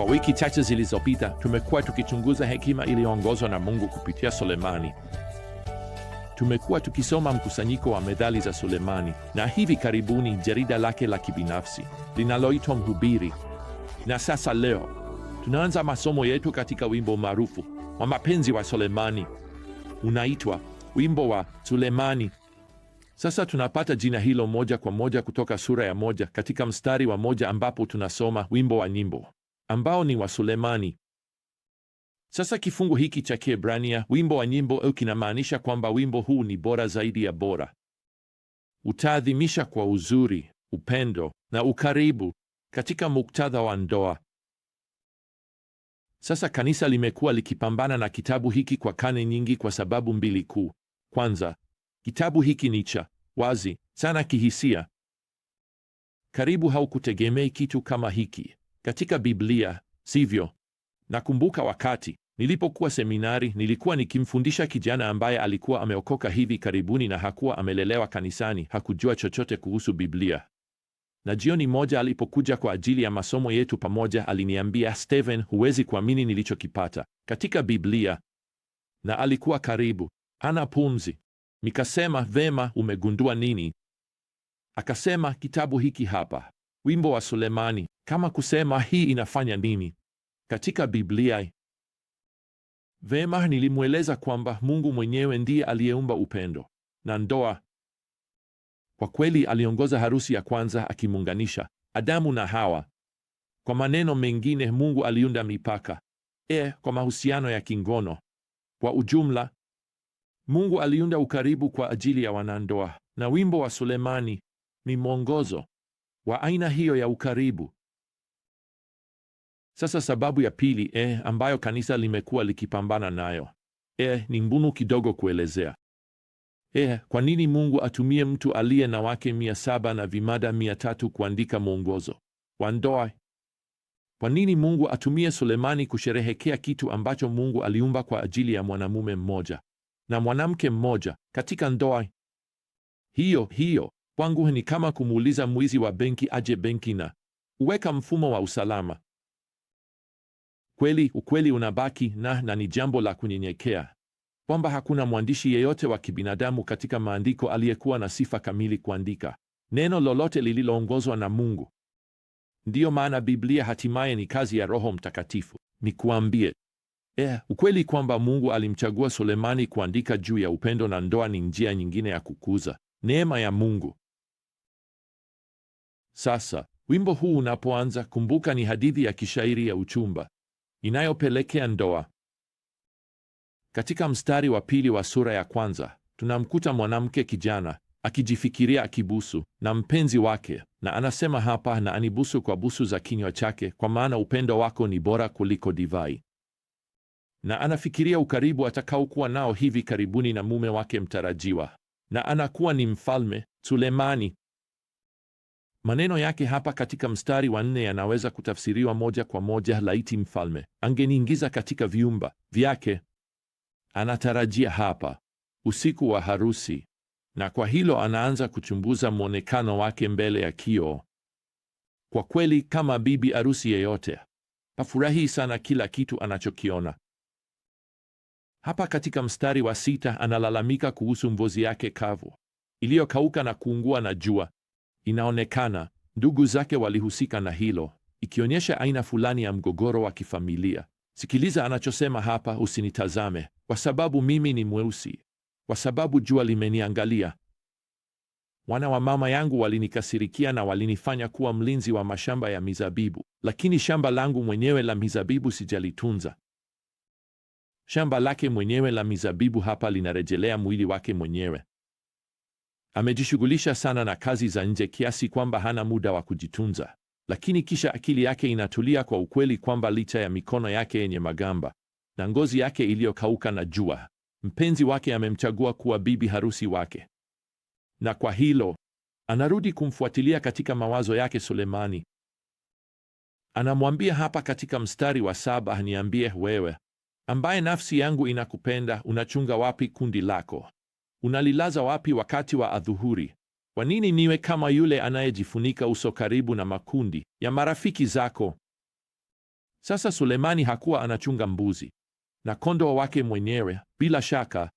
Kwa wiki chache zilizopita tumekuwa tukichunguza hekima iliyoongozwa na Mungu kupitia Sulemani. Tumekuwa tukisoma mkusanyiko wa methali za Sulemani na hivi karibuni jarida lake la kibinafsi linaloitwa Mhubiri. Na sasa leo tunaanza masomo yetu katika wimbo maarufu wa mapenzi wa Sulemani, unaitwa wimbo wa Sulemani. Sasa tunapata jina hilo moja kwa moja kutoka sura ya moja katika mstari wa moja ambapo tunasoma wimbo wa nyimbo ambao ni wa Sulemani. Sasa kifungu hiki cha Kiebrania wimbo wa nyimbo au kinamaanisha kwamba wimbo huu ni bora zaidi ya bora, utaadhimisha kwa uzuri, upendo na ukaribu katika muktadha wa ndoa. Sasa kanisa limekuwa likipambana na kitabu hiki kwa kane nyingi kwa sababu mbili kuu. Kwanza, kitabu hiki ni cha wazi sana kihisia, karibu haukutegemei kitu kama hiki katika Biblia, sivyo? Nakumbuka wakati nilipokuwa seminari, nilikuwa nikimfundisha kijana ambaye alikuwa ameokoka hivi karibuni na hakuwa amelelewa kanisani, hakujua chochote kuhusu Biblia. Na jioni moja alipokuja kwa ajili ya masomo yetu pamoja, aliniambia, Steven, huwezi kuamini nilichokipata katika Biblia. Na alikuwa karibu ana pumzi. Nikasema, vema, umegundua nini? Akasema, kitabu hiki hapa, wimbo wa Sulemani kama kusema hii inafanya nini katika Biblia. Vema, nilimweleza kwamba Mungu mwenyewe ndiye aliyeumba upendo na ndoa. Kwa kweli, aliongoza harusi ya kwanza akimuunganisha Adamu na Hawa. Kwa maneno mengine, Mungu aliunda mipaka e kwa mahusiano ya kingono. Kwa ujumla, Mungu aliunda ukaribu kwa ajili ya wanandoa, na wimbo wa Sulemani ni mwongozo wa aina hiyo ya ukaribu. Sasa sababu ya pili eh, ambayo kanisa limekuwa likipambana nayo eh, ni mbunu kidogo kuelezea. Eh, kwa nini Mungu atumie mtu aliye na wake mia saba na vimada mia tatu kuandika mwongozo wa ndoa? Kwa nini Mungu atumie Sulemani kusherehekea kitu ambacho Mungu aliumba kwa ajili ya mwanamume mmoja na mwanamke mmoja katika ndoa hiyo hiyo? Kwangu ni kama kumuuliza mwizi wa benki aje benki na uweka mfumo wa usalama Kweli ukweli unabaki na na ni jambo la kunyenyekea kwamba hakuna mwandishi yeyote wa kibinadamu katika maandiko aliyekuwa na sifa kamili kuandika neno lolote lililoongozwa na Mungu. Ndiyo maana Biblia hatimaye ni kazi ya Roho Mtakatifu. Nikuambie eh, ukweli kwamba Mungu alimchagua Sulemani kuandika juu ya upendo na ndoa ni njia nyingine ya kukuza neema ya Mungu. Sasa wimbo huu unapoanza, kumbuka ni hadithi ya kishairi ya uchumba inayopelekea ndoa. Katika mstari wa pili wa sura ya kwanza tunamkuta mwanamke kijana akijifikiria akibusu na mpenzi wake, na anasema hapa, na anibusu kwa busu za kinywa chake, kwa maana upendo wako ni bora kuliko divai. Na anafikiria ukaribu atakaokuwa nao hivi karibuni na mume wake mtarajiwa, na anakuwa ni mfalme Sulemani. Maneno yake hapa katika mstari wa nne yanaweza kutafsiriwa moja kwa moja, laiti mfalme angeniingiza katika viumba vyake. Anatarajia hapa usiku wa harusi, na kwa hilo anaanza kuchunguza mwonekano wake mbele ya kioo. Kwa kweli, kama bibi arusi yeyote hafurahi sana kila kitu anachokiona. Hapa katika mstari wa sita analalamika kuhusu mvozi yake kavu iliyokauka na kuungua na jua. Inaonekana ndugu zake walihusika na hilo, ikionyesha aina fulani ya mgogoro wa kifamilia. Sikiliza anachosema hapa: usinitazame kwa sababu mimi ni mweusi, kwa sababu jua limeniangalia. Wana wa mama yangu walinikasirikia na walinifanya kuwa mlinzi wa mashamba ya mizabibu, lakini shamba langu mwenyewe la mizabibu sijalitunza. Shamba lake mwenyewe la mizabibu hapa linarejelea mwili wake mwenyewe. Amejishughulisha sana na kazi za nje kiasi kwamba hana muda wa kujitunza, lakini kisha akili yake inatulia kwa ukweli kwamba licha ya mikono yake yenye magamba na ngozi yake iliyokauka na jua, mpenzi wake amemchagua kuwa bibi harusi wake, na kwa hilo anarudi kumfuatilia katika mawazo yake Sulemani. Anamwambia hapa katika mstari wa saba, niambie wewe ambaye nafsi yangu inakupenda, unachunga wapi kundi lako? Unalilaza wapi wakati wa adhuhuri? Kwa nini niwe kama yule anayejifunika uso karibu na makundi ya marafiki zako? Sasa Sulemani hakuwa anachunga mbuzi na kondoo wake mwenyewe bila shaka,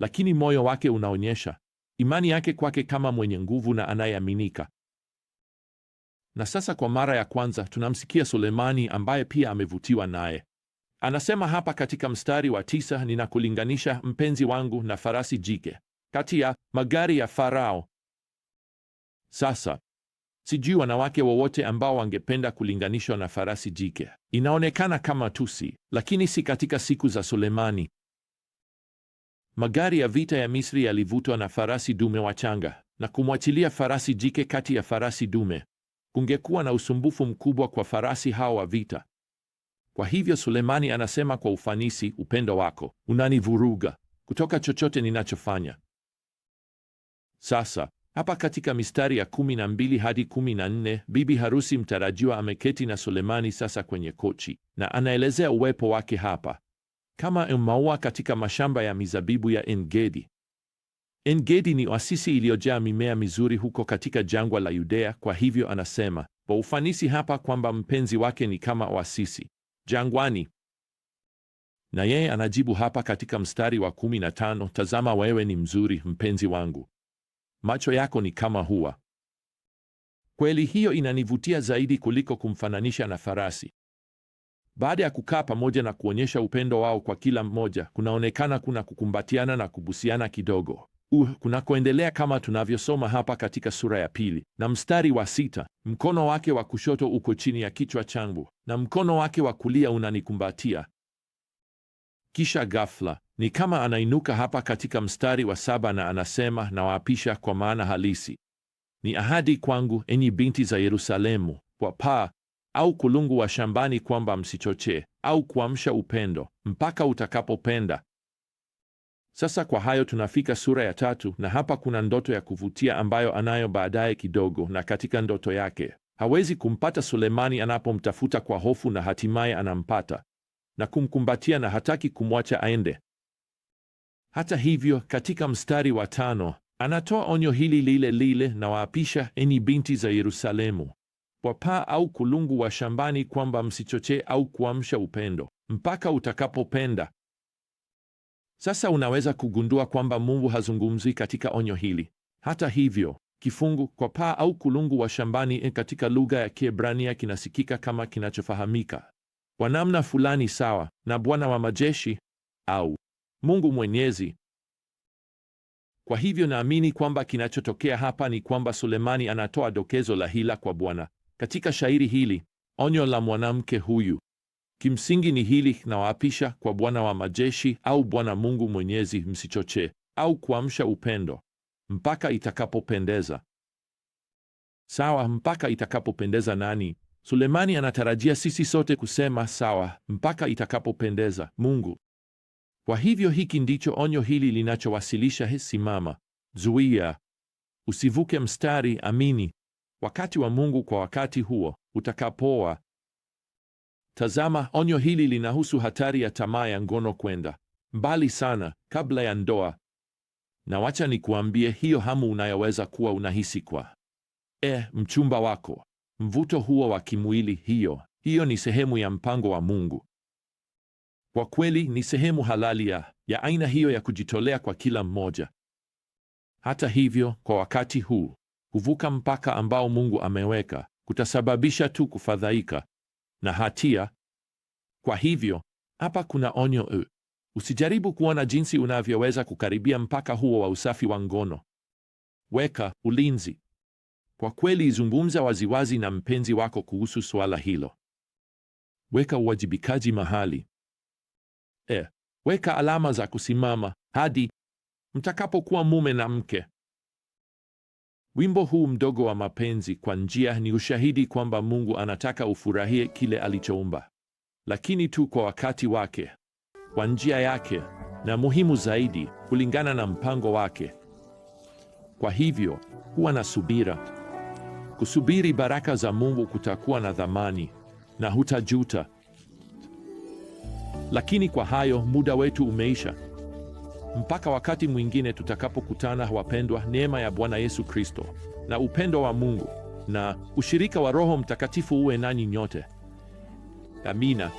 lakini moyo wake unaonyesha imani yake kwake kama mwenye nguvu na anayeaminika. Na sasa kwa mara ya kwanza tunamsikia Sulemani ambaye pia amevutiwa naye. Anasema hapa katika mstari wa tisa, ninakulinganisha mpenzi wangu na farasi jike kati ya magari ya Farao. Sasa sijui wanawake wowote ambao wangependa kulinganishwa na farasi jike. Inaonekana kama tusi, lakini si katika siku za Sulemani. Magari ya vita ya Misri yalivutwa na farasi dume wachanga, na kumwachilia farasi jike kati ya farasi dume kungekuwa na usumbufu mkubwa kwa farasi hao wa vita. Kwa hivyo Sulemani anasema kwa ufanisi, upendo wako unanivuruga kutoka chochote ninachofanya. Sasa hapa katika mistari ya kumi na mbili hadi kumi na nne bibi harusi mtarajiwa ameketi na Sulemani sasa kwenye kochi, na anaelezea uwepo wake hapa kama maua katika mashamba ya mizabibu ya Engedi. Engedi ni oasisi iliyojaa mimea mizuri huko katika jangwa la Yudea. Kwa hivyo anasema kwa ufanisi hapa kwamba mpenzi wake ni kama oasisi jangwani, na yeye anajibu hapa katika mstari wa 15, tazama wewe ni mzuri mpenzi wangu macho yako ni kama hua. Kweli hiyo inanivutia zaidi kuliko kumfananisha na farasi. Baada ya kukaa pamoja na kuonyesha upendo wao kwa kila mmoja, kunaonekana kuna kukumbatiana na kubusiana kidogo uh, kunakoendelea kama tunavyosoma hapa katika sura ya pili na mstari wa sita: mkono wake wa kushoto uko chini ya kichwa changu na mkono wake wa kulia unanikumbatia. Kisha ghafla ni kama anainuka hapa katika mstari wa saba na anasema, nawaapisha kwa maana halisi ni ahadi kwangu, enyi binti za Yerusalemu, kwa paa au kulungu wa shambani, kwamba msichochee au kuamsha upendo mpaka utakapopenda. Sasa kwa hayo tunafika sura ya tatu, na hapa kuna ndoto ya kuvutia ambayo anayo baadaye kidogo. Na katika ndoto yake hawezi kumpata Sulemani anapomtafuta kwa hofu, na hatimaye anampata na kumkumbatia, na hataki kumwacha aende. Hata hivyo, katika mstari wa tano anatoa onyo hili lile lile na waapisha, enyi binti za Yerusalemu, kwa paa au kulungu wa shambani, kwamba msichochee au kuamsha upendo mpaka utakapopenda. Sasa unaweza kugundua kwamba Mungu hazungumzi katika onyo hili. Hata hivyo, kifungu kwa paa au kulungu wa shambani e, katika lugha ya Kiebrania kinasikika kama kinachofahamika kwa namna fulani sawa na Bwana wa majeshi au Mungu Mwenyezi. Kwa hivyo naamini kwamba kinachotokea hapa ni kwamba Sulemani anatoa dokezo la hila kwa Bwana katika shairi hili. Onyo la mwanamke huyu kimsingi ni hili: nawaapisha kwa Bwana wa majeshi au Bwana Mungu Mwenyezi, msichochee au kuamsha upendo mpaka itakapopendeza. Sawa, mpaka itakapopendeza nani? Sulemani anatarajia sisi sote kusema sawa, mpaka itakapopendeza Mungu. Kwa hivyo hiki ndicho onyo hili linachowasilisha: simama, zuia, usivuke mstari, amini wakati wa Mungu kwa wakati huo utakapoa. Tazama, onyo hili linahusu hatari ya tamaa ya ngono kwenda mbali sana kabla ya ndoa. Na wacha nikuambie, hiyo hamu unayoweza kuwa unahisi kwa e, mchumba wako, mvuto huo wa kimwili, hiyo hiyo ni sehemu ya mpango wa Mungu kwa kweli ni sehemu halali ya ya aina hiyo ya kujitolea kwa kila mmoja. Hata hivyo, kwa wakati huu kuvuka mpaka ambao Mungu ameweka kutasababisha tu kufadhaika na hatia. Kwa hivyo hapa kuna onyo e, usijaribu kuona jinsi unavyoweza kukaribia mpaka huo wa usafi wa ngono. Weka ulinzi. Kwa kweli, izungumza waziwazi na mpenzi wako kuhusu suala hilo. Weka uwajibikaji mahali e, weka alama za kusimama hadi mtakapokuwa mume na mke. Wimbo huu mdogo wa mapenzi kwa njia ni ushahidi kwamba Mungu anataka ufurahie kile alichoumba, lakini tu kwa wakati wake, kwa njia yake, na muhimu zaidi, kulingana na mpango wake. Kwa hivyo, kuwa na subira. Kusubiri baraka za Mungu kutakuwa na dhamani na hutajuta. Lakini kwa hayo, muda wetu umeisha. Mpaka wakati mwingine tutakapokutana, wapendwa, neema ya Bwana Yesu Kristo na upendo wa Mungu na ushirika wa Roho Mtakatifu uwe nanyi nyote. Amina.